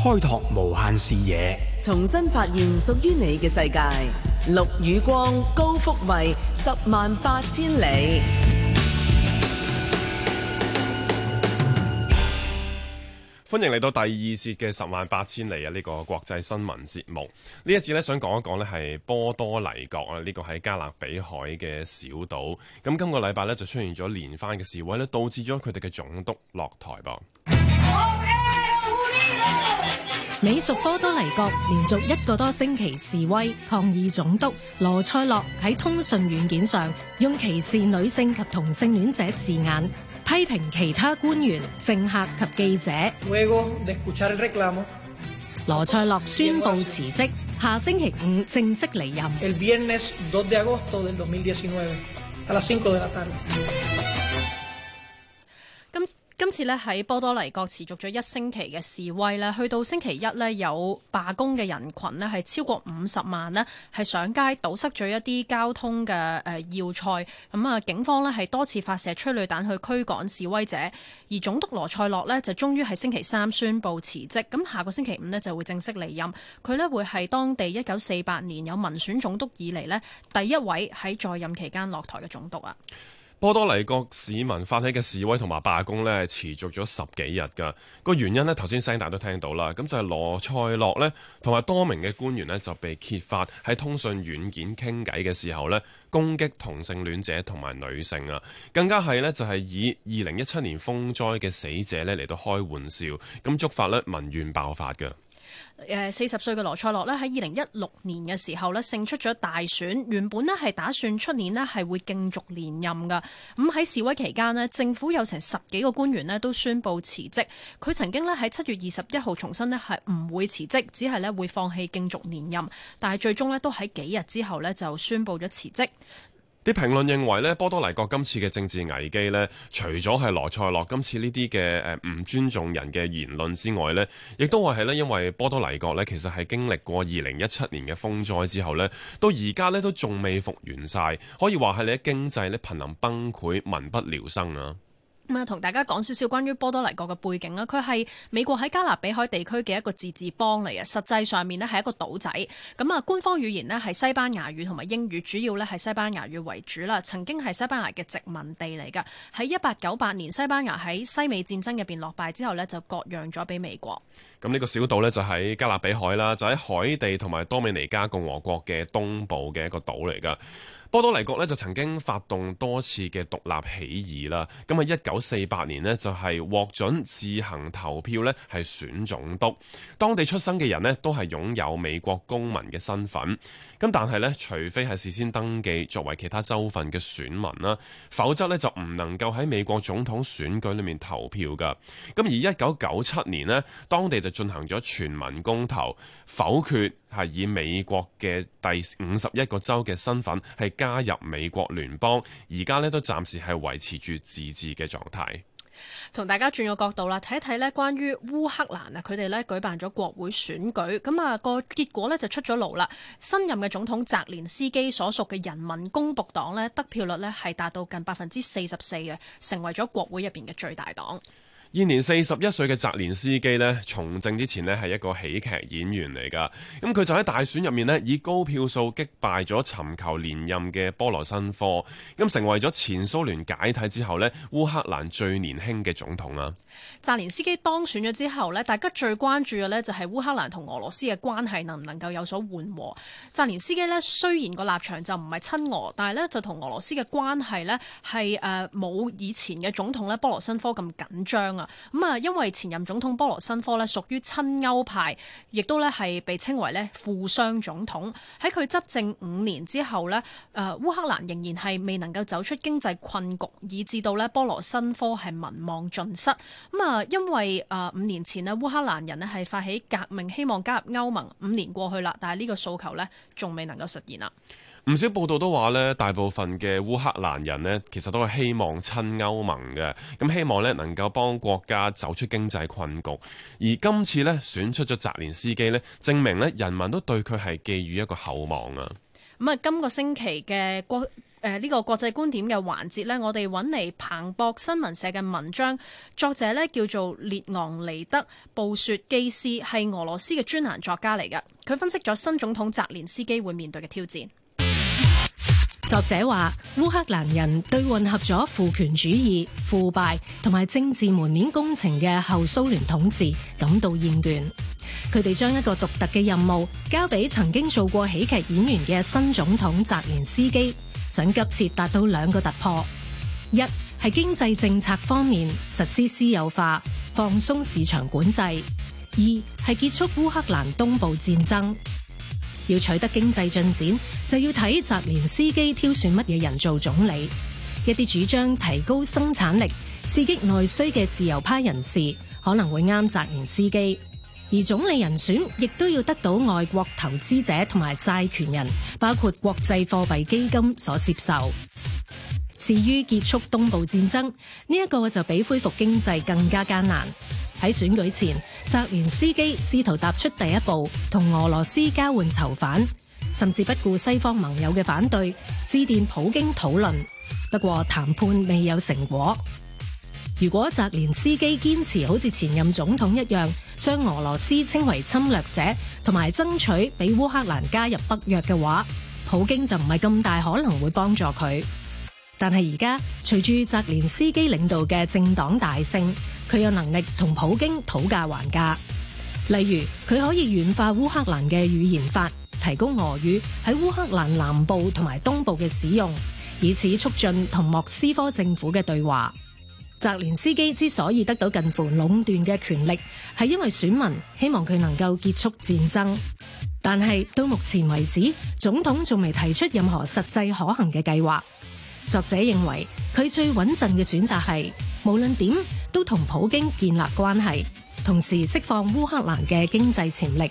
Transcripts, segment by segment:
開拓無限視野，重新發現屬於你嘅世界。陸宇光，高福慧，十萬八千里。歡迎嚟到第二節嘅《十萬八千里》啊！呢個國際新聞節目一節呢一節咧，想講一講呢係波多黎各啊！呢、呢個喺加勒比海嘅小島，咁今個禮拜呢，就出現咗連番嘅示威咧，導致咗佢哋嘅總督落台噃。 美屬波多黎各連續一個多星期示威抗議，總督羅塞洛喺通訊軟件上用歧視女性及同性戀者字眼批評其他官員、政客及記者。羅塞洛宣布辭職，下星期五正式離任。今次咧喺波多黎各持續咗一星期嘅示威咧，去到星期一咧，有罷工嘅人群咧係超過五十萬咧，係上街堵塞咗一啲交通嘅誒要塞。咁啊，警方咧係多次發射催淚彈去驅趕示威者。而總督羅塞洛咧就終於係星期三宣布辭職，咁下個星期五咧就會正式離任。佢咧會係當地一九四八年有民選總督以嚟咧第一位喺在，在任期間落台嘅總督啊！波多黎各市民發起嘅示威同埋罷工呢，持續咗十幾日㗎。個原因呢，頭先聲帶都聽到啦。咁就係羅塞洛呢，同埋多名嘅官員呢，就被揭發喺通訊軟件傾偈嘅時候呢，攻擊同性戀者同埋女性啊。更加係呢，就係、是、以二零一七年風災嘅死者呢嚟到開玩笑，咁觸發呢民怨爆發嘅。誒，四十歲嘅羅塞洛咧喺二零一六年嘅時候咧勝出咗大選，原本咧係打算出年咧係會競逐連任嘅。咁喺示威期間咧，政府有成十幾個官員咧都宣布辭職。佢曾經咧喺七月二十一號重申咧係唔會辭職，只係咧會放棄競逐連任，但係最終咧都喺幾日之後咧就宣布咗辭職。啲評論認為咧，波多黎各今次嘅政治危機咧，除咗係羅塞洛今次呢啲嘅誒唔尊重人嘅言論之外咧，亦都係係咧，因為波多黎各咧，其實係經歷過二零一七年嘅風災之後咧，到而家咧都仲未復原晒。可以話係你喺經濟咧瀕臨崩潰、民不聊生啊！咁啊，同、嗯、大家講少少關於波多黎各嘅背景啦。佢係美國喺加勒比海地區嘅一個自治邦嚟啊。實際上面咧係一個島仔。咁、嗯、啊，官方語言咧係西班牙語同埋英語，主要咧係西班牙語為主啦。曾經係西班牙嘅殖民地嚟噶。喺一八九八年，西班牙喺西美戰爭入邊落敗之後咧，就割讓咗俾美國。咁呢個小島呢，就喺加勒比海啦，就喺海地同埋多美尼加共和國嘅東部嘅一個島嚟噶。波多黎各呢，就曾經發動多次嘅獨立起義啦。咁喺一九四八年呢，就係獲准自行投票呢係選總督。當地出生嘅人呢，都係擁有美國公民嘅身份。咁但係呢，除非係事先登記作為其他州份嘅選民啦，否則呢，就唔能夠喺美國總統選舉裏面投票噶。咁而一九九七年呢，當地就進行咗全民公投否決，係以美國嘅第五十一個州嘅身份，係加入美國聯邦。而家呢都暫時係維持住自治嘅狀態。同大家轉個角度啦，睇一睇呢關於烏克蘭啊，佢哋呢舉辦咗國會選舉，咁、那、啊個結果呢就出咗爐啦。新任嘅總統澤連斯基所屬嘅人民公僕黨呢，得票率呢係達到近百分之四十四嘅，成為咗國會入邊嘅最大黨。現年四十一歲嘅澤連斯基呢，從政之前呢係一個喜劇演員嚟㗎。咁佢就喺大選入面呢，以高票數擊敗咗尋求連任嘅波羅申科，咁成為咗前蘇聯解體之後呢，烏克蘭最年輕嘅總統啦。澤連斯基當選咗之後呢，大家最關注嘅呢就係烏克蘭同俄羅斯嘅關係能唔能夠有所緩和。澤連斯基呢雖然個立場就唔係親俄，但係呢就同俄羅斯嘅關係呢係誒冇以前嘅總統呢波羅申科咁緊張。咁啊，因為前任總統波羅申科咧屬於親歐派，亦都咧係被稱為咧富商總統。喺佢執政五年之後呢誒，烏克蘭仍然係未能夠走出經濟困局，以至到呢波羅申科係民望盡失。咁、嗯、啊，因為誒五年前咧烏克蘭人咧係發起革命，希望加入歐盟，五年過去啦，但係呢個訴求呢仲未能夠實現啦。唔少報道都話咧，大部分嘅烏克蘭人咧，其實都係希望親歐盟嘅，咁，希望咧能夠幫國家走出經濟困局。而今次咧選出咗澤連斯基咧，證明咧人民都對佢係寄予一個厚望啊。咁啊，今個星期嘅國誒呢、呃呢個國際觀點嘅環節咧，我哋揾嚟彭博新聞社嘅文章，作者咧叫做列昂尼德·布雪斯基，係俄羅斯嘅專欄作家嚟嘅。佢分析咗新總統澤連斯基會面對嘅挑戰。作者話：烏克蘭人對混合咗父權主義、腐敗同埋政治門面工程嘅後蘇聯統治感到厭倦。佢哋將一個獨特嘅任務交俾曾經做過喜劇演員嘅新總統澤連斯基，想急切達到兩個突破：一係經濟政策方面實施私有化、放鬆市場管制；二係結束烏克蘭東部戰爭。要取得經濟進展，就要睇澤連斯基挑選乜嘢人做總理。一啲主張提高生產力、刺激內需嘅自由派人士，可能會啱澤連斯基。而總理人選亦都要得到外國投資者同埋債權人，包括國際貨幣基金所接受。至於結束東部戰爭，呢、這、一個就比恢復經濟更加艱難。喺選舉前，澤連斯基試圖踏出第一步，同俄羅斯交換囚犯，甚至不顧西方盟友嘅反對，致電普京討論。不過談判未有成果。如果澤連斯基堅持好似前任總統一樣，將俄羅斯稱為侵略者，同埋爭取俾烏克蘭加入北約嘅話，普京就唔係咁大可能會幫助佢。但係而家，隨住澤連斯基領導嘅政黨大勝。佢有能力同普京討價還價，例如佢可以軟化烏克蘭嘅語言法，提供俄語喺烏克蘭南部同埋東部嘅使用，以此促進同莫斯科政府嘅對話。澤連斯基之所以得到近乎壟斷嘅權力，係因為選民希望佢能夠結束戰爭，但係到目前為止，總統仲未提出任何實際可行嘅計劃，作者認為，佢最穩陣嘅選擇係。無論點都同普京建立關係，同時釋放烏克蘭嘅經濟潛力。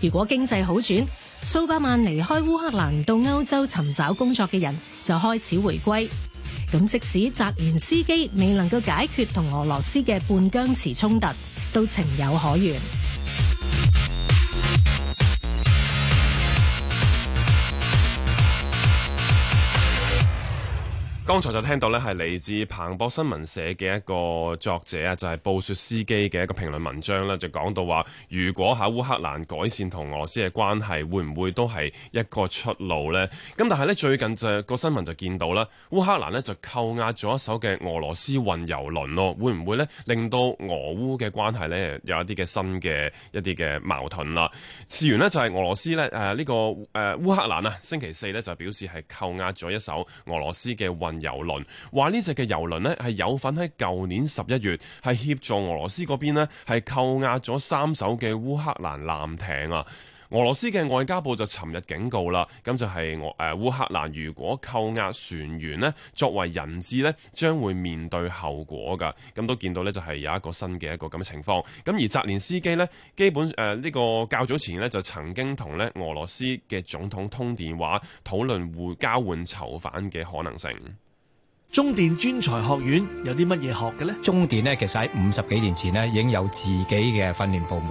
如果經濟好轉，數百萬離開烏克蘭到歐洲尋找工作嘅人就開始回歸。咁即使澤連斯基未能夠解決同俄羅斯嘅半僵持衝突，都情有可原。剛才就聽到呢，係嚟自彭博新聞社嘅一個作者啊，就係、是、報雪司機嘅一個評論文章啦，就講到話，如果喺烏克蘭改善同俄羅斯嘅關係，會唔會都係一個出路呢？咁但係呢，最近聞就個新聞就見到啦，烏克蘭呢就扣押咗一艘嘅俄羅斯運油輪咯，會唔會呢令到俄烏嘅關係呢有一啲嘅新嘅一啲嘅矛盾啦？事源呢就係俄羅斯呢。誒、呃、呢、這個誒烏、呃、克蘭啊，星期四呢就表示係扣押咗一艘俄羅斯嘅運遊輪，話呢隻嘅游輪呢，係有份喺舊年十一月係協助俄羅斯嗰邊呢係扣押咗三艘嘅烏克蘭艦艇啊！俄羅斯嘅外交部就尋日警告啦，咁就係我誒烏克蘭如果扣押船員呢，作為人質呢，將會面對後果噶。咁都見到呢，就係、是、有一個新嘅一個咁嘅情況。咁而澤連斯基呢，基本誒呢、呃這個較早前呢，就曾經同呢俄羅斯嘅總統通電話討論會交換囚犯嘅可能性。中電專才學院有啲乜嘢學嘅咧？中電咧，其實喺五十幾年前咧已經有自己嘅訓練部門。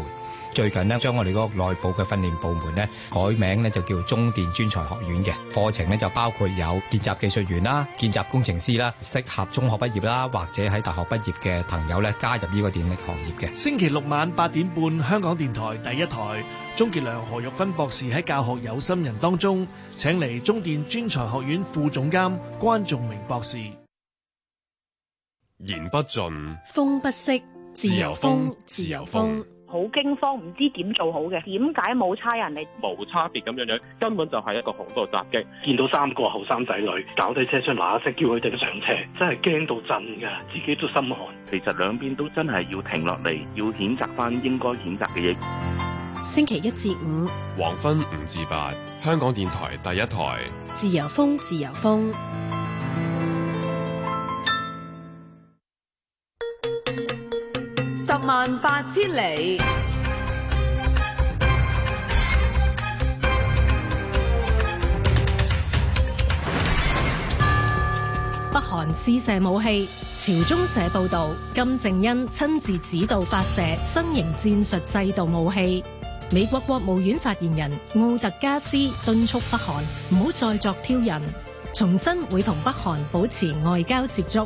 最近咧，將我哋嗰個內部嘅訓練部門咧改名咧就叫中電專才學院嘅課程咧，就包括有見習技術員啦、見習工程師啦，適合中學畢業啦或者喺大學畢業嘅朋友咧加入呢個電力行業嘅。星期六晚八點半，香港電台第一台，鍾傑良、何玉芬博士喺教學有心人當中請嚟中電專才學院副總監關仲明博士。言不盡，風不息，自由風，自由風。好驚慌，唔知點做好嘅，點解冇差人嚟？冇差別咁樣樣，根本就係一個恐怖襲擊。見到三個後生仔女搞低車廂，嗱一聲叫佢哋上車，真係驚到震㗎，自己都心寒。其實兩邊都真係要停落嚟，要譴責翻應該譴責嘅嘢。星期一至五，黃昏五至八，香港電台第一台，自由風，自由風。萬八千里。北韓試射武器，朝中社報道，金正恩親自指導發射新型戰術制導武器。美國國務院發言人奧特加斯敦促北韓唔好再作挑釁，重申會同北韓保持外交接觸。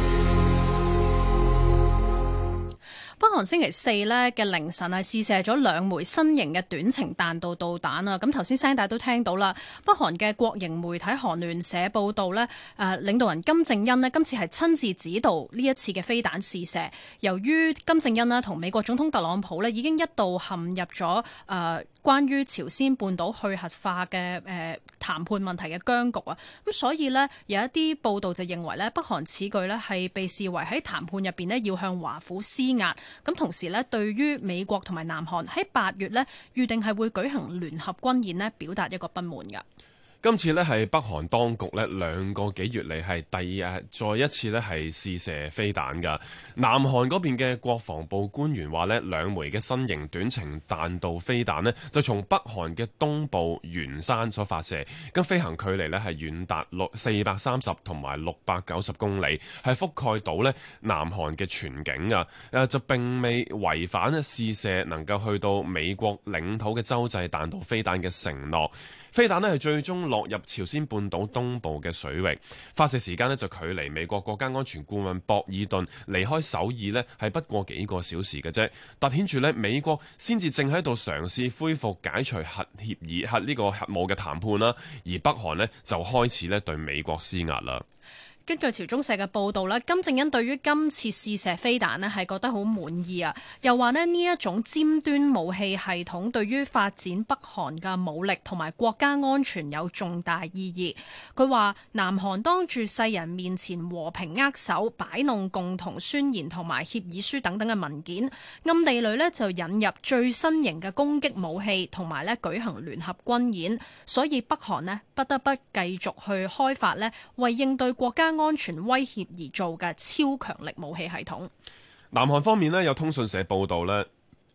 北韓星期四咧嘅凌晨係試射咗兩枚新型嘅短程彈道導彈啊！咁頭先聲帶都聽到啦。北韓嘅國營媒體韓聯社報道咧，誒領導人金正恩咧今次係親自指導呢一次嘅飛彈試射。由於金正恩啦同美國總統特朗普咧已經一度陷入咗誒、呃、關於朝鮮半島去核化嘅誒談判問題嘅僵局啊，咁所以呢，有一啲報道就認為咧北韓此舉咧係被視為喺談判入邊咧要向華府施壓。咁同時咧，對於美國同埋南韓喺八月呢，預定係會舉行聯合軍演呢，表達一個不滿嘅。今次呢，係北韓當局呢兩個幾月嚟係第二日再一次呢係試射飛彈㗎。南韓嗰邊嘅國防部官員話呢，兩枚嘅新型短程彈道飛彈呢，就從北韓嘅東部元山所發射，咁飛行距離呢係遠達六四百三十同埋六百九十公里，係覆蓋到呢南韓嘅全境啊！誒就並未違反呢試射能夠去到美國領土嘅洲際彈道飛彈嘅承諾。飛彈咧係最終落入朝鮮半島東部嘅水域，發射時間咧就距離美國國家安全顧問博爾頓離開首爾咧係不過幾個小時嘅啫，突顯住咧美國先至正喺度嘗試恢復解除核協議核呢個核武嘅談判啦，而北韓呢，就開始咧對美國施壓啦。根據朝中社嘅報道咧，金正恩對於今次試射飛彈咧係覺得好滿意啊，又話咧呢一種尖端武器系統對於發展北韓嘅武力同埋國家安全有重大意義。佢話南韓當住世人面前和平握手、擺弄共同宣言同埋協議書等等嘅文件，暗地裏咧就引入最新型嘅攻擊武器，同埋咧舉行聯合軍演，所以北韓咧不得不繼續去開發咧，為應對國家安全威脅而做嘅超強力武器系統。南韓方面呢有通訊社報道呢，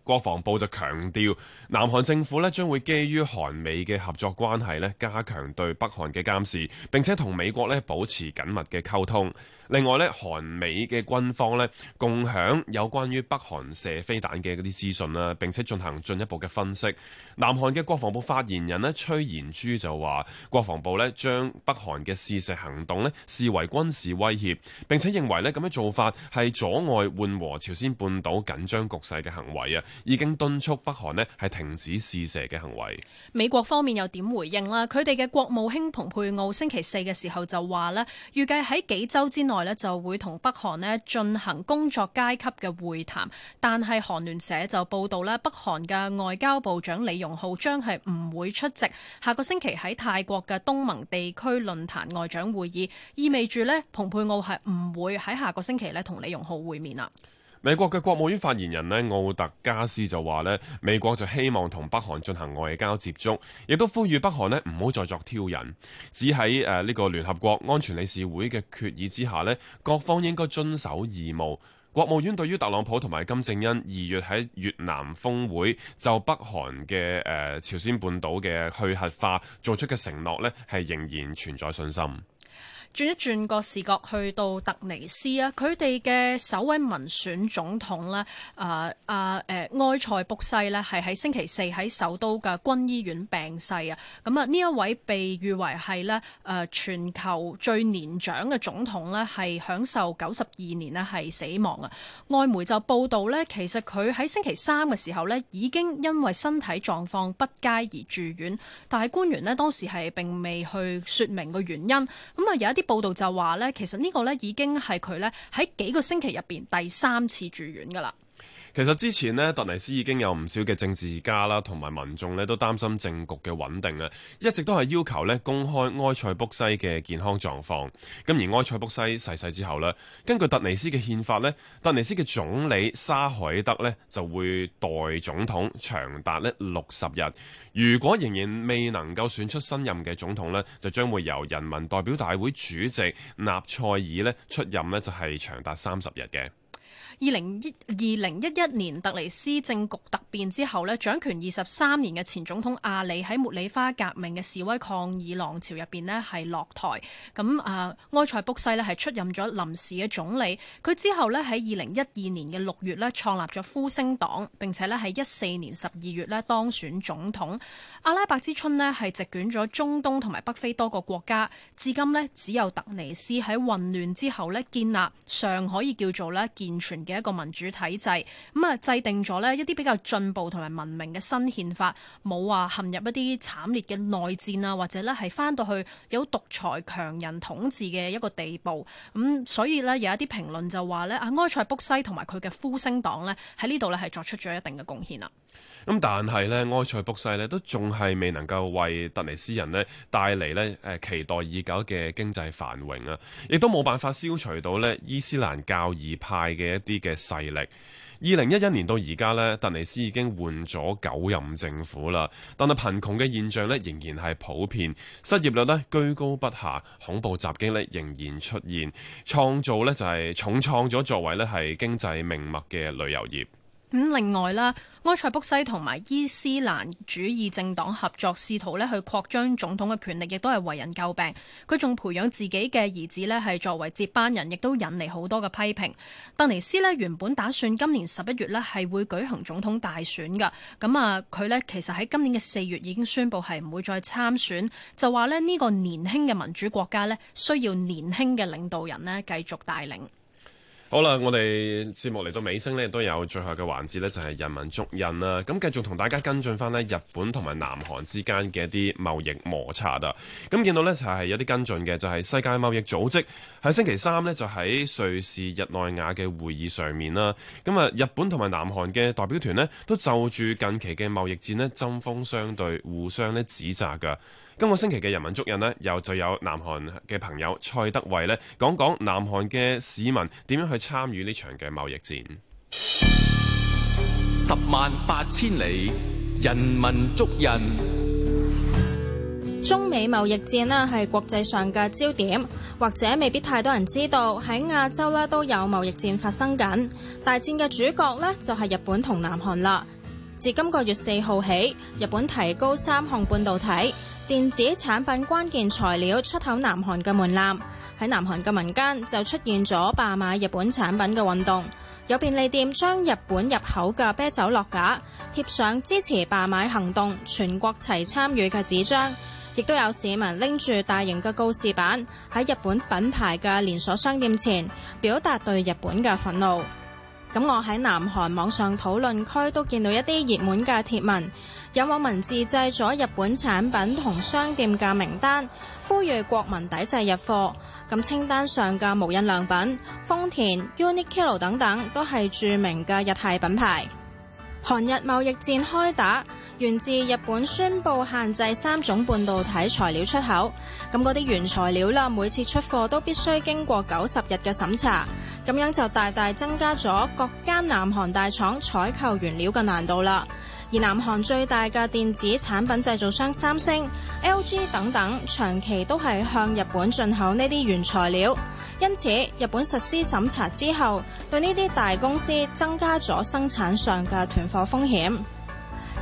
國防部就強調，南韓政府呢將會基於韓美嘅合作關係呢，加強對北韓嘅監視，並且同美國呢保持緊密嘅溝通。另外咧，韓美嘅軍方咧共享有關於北韓射飛彈嘅嗰啲資訊啦，並且進行進一步嘅分析。南韓嘅國防部發言人咧崔延珠就話，國防部咧將北韓嘅試射行動咧視為軍事威脅，並且認為咧咁樣做法係阻礙緩和朝鮮半島緊張局勢嘅行為啊，已經敦促北韓咧係停止試射嘅行為。美國方面又點回應啦？佢哋嘅國務卿蓬佩奧星期四嘅時候就話咧，預計喺幾周之內，外咧就會同北韓咧進行工作階級嘅會談，但係韓聯社就報道咧，北韓嘅外交部長李容浩將係唔會出席下個星期喺泰國嘅東盟地區論壇外長會議，意味住咧蓬佩奧係唔會喺下個星期咧同李容浩會面啦。美國嘅國務院發言人咧奧特加斯就話咧，美國就希望同北韓進行外交接觸，亦都呼籲北韓咧唔好再作挑釁，只喺誒呢個聯合國安全理事會嘅決議之下咧，各方應該遵守義務。國務院對於特朗普同埋金正恩二月喺越南峰會就北韓嘅誒朝鮮半島嘅去核化作出嘅承諾咧，係仍然存在信心。轉一轉個視角去到特尼斯啊，佢哋嘅首位民選總統咧，啊啊誒埃塞卜西咧，係喺星期四喺首都嘅軍醫院病逝啊。咁啊呢一位被譽為係咧誒全球最年長嘅總統咧，係享受九十二年啊，係死亡啊。外媒就報導咧，其實佢喺星期三嘅時候咧，已經因為身體狀況不佳而住院，但係官員咧當時係並未去説明個原因。咁啊有。啲報道就話咧，其實呢個咧已經係佢咧喺幾個星期入邊第三次住院㗎喇。其實之前呢，突尼斯已經有唔少嘅政治家啦，同埋民眾呢，都擔心政局嘅穩定啊，一直都係要求呢公開埃塞卜西嘅健康狀況。咁而埃塞卜西逝世之後呢，根據突尼斯嘅憲法呢，突尼斯嘅總理沙海德呢，就會代總統長達呢六十日。如果仍然未能夠選出新任嘅總統呢，就將會由人民代表大會主席納賽爾呢出任呢就係長達三十日嘅。二零一二零一一年特尼斯政局突變之後咧，掌權二十三年嘅前總統阿里喺茉莉花革命嘅示威抗議浪潮入邊咧，係落台。咁、呃、啊，埃塞卜西咧係出任咗臨時嘅總理。佢之後咧喺二零一二年嘅六月咧創立咗呼聲黨，並且咧喺一四年十二月咧當選總統。阿拉伯之春咧係席捲咗中東同埋北非多個國家，至今咧只有特尼斯喺混亂之後咧建立，尚可以叫做咧健全嘅一個民主體制，咁啊制定咗呢一啲比較進步同埋文明嘅新憲法，冇話陷入一啲慘烈嘅內戰啊，或者呢係翻到去有獨裁強人統治嘅一個地步，咁所以呢，有一啲評論就話呢，阿埃塞卜西同埋佢嘅呼聲黨呢，喺呢度呢係作出咗一定嘅貢獻啊。咁但係咧，埃塞卜西咧都仲係未能夠為突尼斯人咧帶嚟咧誒期待已久嘅經濟繁榮啊，亦都冇辦法消除到咧伊斯蘭教義派嘅一啲嘅勢力。二零一一年到而家咧，突尼斯已經換咗九任政府啦，但係貧窮嘅現象咧仍然係普遍，失業率咧居高不下，恐怖襲擊咧仍然出現，創造咧就係重創咗作為咧係經濟命脈嘅旅遊業。咁另外啦，埃塞卜西同埋伊斯蘭主義政黨合作，試圖咧去擴張總統嘅權力，亦都係為人詬病。佢仲培養自己嘅兒子咧，係作為接班人，亦都引嚟好多嘅批評。突尼斯咧原本打算今年十一月咧係會舉行總統大選嘅，咁啊佢呢其實喺今年嘅四月已經宣布係唔會再參選，就話咧呢個年輕嘅民主國家呢需要年輕嘅領導人呢繼續帶領。好啦，我哋節目嚟到尾聲咧，都有最後嘅環節呢就係人文足印啦。咁繼續同大家跟進翻呢日本同埋南韓之間嘅一啲貿易摩擦啊。咁見到呢，就係有啲跟進嘅，就係世界貿易組織喺星期三呢，就喺瑞士日內瓦嘅會議上面啦。咁啊，日本同埋南韓嘅代表團呢，都就住近期嘅貿易戰呢，針鋒相對，互相呢指責噶。今個星期嘅《人文足印》呢又就有南韓嘅朋友蔡德蕙呢講講南韓嘅市民點樣去參與呢場嘅貿易戰。十萬八千里，人文足印。中美貿易戰呢係國際上嘅焦點，或者未必太多人知道喺亞洲呢都有貿易戰發生緊。大戰嘅主角呢就係日本同南韓啦。自今個月四號起，日本提高三項半導體。電子產品關鍵材料出口南韓嘅門檻。喺南韓嘅民間就出現咗罷買日本產品嘅運動，有便利店將日本入口嘅啤酒落架，貼上支持罷買行動，全國齊參與嘅紙張，亦都有市民拎住大型嘅告示板喺日本品牌嘅連鎖商店前表達對日本嘅憤怒。咁我喺南韓網上討論區都見到一啲熱門嘅貼文，有網民自製咗日本產品同商店嘅名單，呼籲國民抵制日貨。咁清單上嘅無印良品、豐田、Uniqlo 等等，都係著名嘅日系品牌。韓日貿易戰開打，源自日本宣布限制三種半導體材料出口，咁嗰啲原材料啦，每次出貨都必須經過九十日嘅審查，咁樣就大大增加咗各間南韓大廠採購原料嘅難度啦。而南韓最大嘅電子產品製造商三星、LG 等等，長期都係向日本進口呢啲原材料。因此，日本實施審查之後，對呢啲大公司增加咗生產上嘅囤貨風險。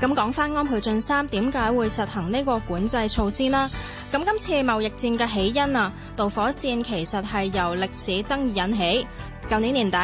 咁講翻安倍晉三點解會實行呢個管制措施啦？咁今次貿易戰嘅起因啊，導火線其實係由歷史爭議引起。舊年年底，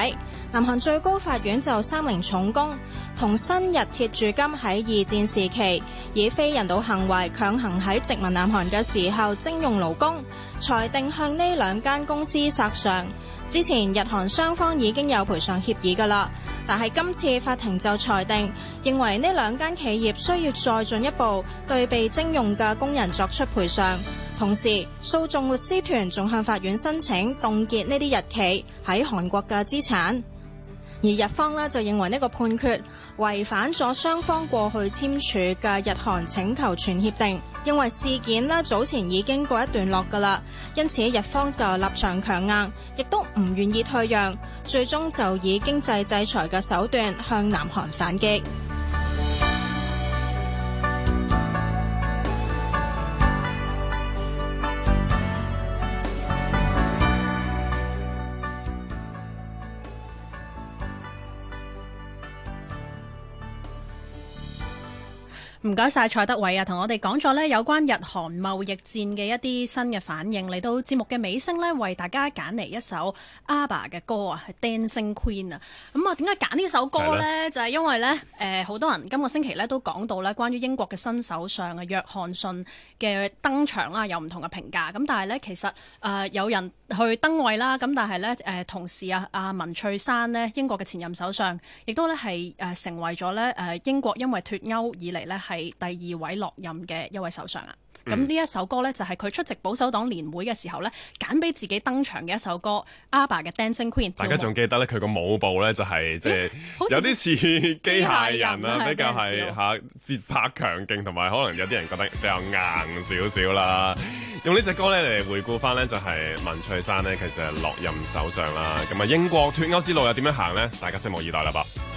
南韓最高法院就三菱重工同新日鐵住金喺二戰時期以非人道行為強行喺殖民南韓嘅時候徵用勞工裁定向呢兩間公司索償。之前日韓雙方已經有賠償協議㗎喇，但係今次法庭就裁定認為呢兩間企業需要再進一步對被徵用嘅工人作出賠償。同時，訴訟律師團仲向法院申請凍結呢啲日期喺韓國嘅資產。而日方呢就認為呢個判決違反咗雙方過去簽署嘅日韓請求權協定，認為事件呢早前已經過一段落㗎喇，因此日方就立場強硬，亦都唔願意退讓，最終就以經濟制裁嘅手段向南韓反擊。唔該晒蔡德蕙啊，同我哋講咗呢有關日韓貿易戰嘅一啲新嘅反應，嚟到節目嘅尾聲呢，為大家揀嚟一首 ABBA 嘅歌啊，係《Dancing Queen》啊。咁啊，點解揀呢首歌呢？的就係因為呢，誒、呃，好多人今個星期呢都講到呢關於英國嘅新首相啊約翰遜嘅登場啦，有唔同嘅評價。咁但係呢，其實誒、呃、有人。去登位啦，咁但係咧，誒、呃、同時啊，阿、啊、文翠珊呢，英國嘅前任首相，亦都咧係誒成為咗咧誒英國因為脫歐以嚟咧係第二位落任嘅一位首相啊。咁呢一首歌咧，就係、是、佢出席保守黨年會嘅時候咧，揀俾自己登場嘅一首歌，ABBA 嘅 Dancing Queen。大家仲記得咧，佢個舞步咧就係即係有啲似機械人啊，人比較係嚇節拍強勁，同埋可能有啲人覺得比較硬少少啦。用呢隻歌咧嚟回顧翻咧，就係文翠珊呢，其實落任首相啦。咁啊，英國脱歐之路又點樣行咧？大家拭目以待啦噃。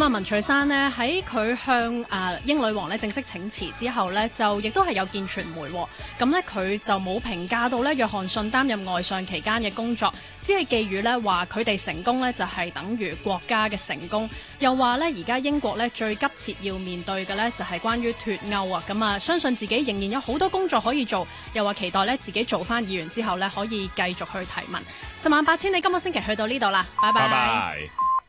咁啊，文翠珊咧喺佢向啊、呃、英女王咧正式請辭之後咧，就亦都係有見傳媒、哦。咁咧佢就冇評價到咧約翰遜擔任外相期間嘅工作，只係寄語咧話佢哋成功咧就係等於國家嘅成功。又話咧而家英國咧最急切要面對嘅咧就係關於脫歐啊。咁、嗯、啊，相信自己仍然有好多工作可以做。又話期待咧自己做翻議員之後咧可以繼續去提問。十萬八千里，你今個星期去到呢度啦，拜拜。拜拜。